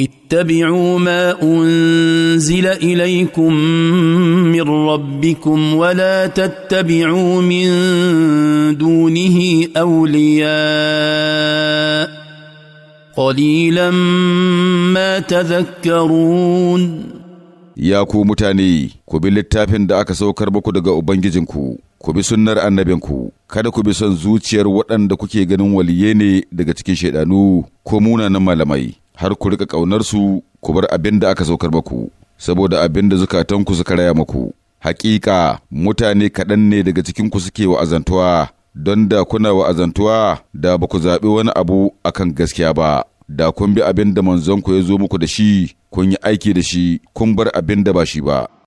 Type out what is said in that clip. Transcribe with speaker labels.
Speaker 1: اتبعوا ما انزل اليكم من ربكم ولا تتبعوا من دونه اولياء قليلا ما تذكرون
Speaker 2: ya ku mutane ku bi littafin da aka saukar maku daga ubangijinku ku bi sunnar annabinku kada ku bi son zuciyar waɗanda kuke ganin waliye ne daga cikin shaidanu ko munanan malamai har ku riƙa ƙaunarsu ku bar abin da aka saukar muku saboda abin da zukatanku suka raya muku Hakika mutane kaɗan ne daga cikinku suke wa'azantuwa, don da kuna wa'azantuwa da ba ku zaɓi wani abu akan gaskiya ba, da kun bi abin da manzonku ya zo muku da shi, kun yi aiki da shi, kun bar abin da ba shi ba.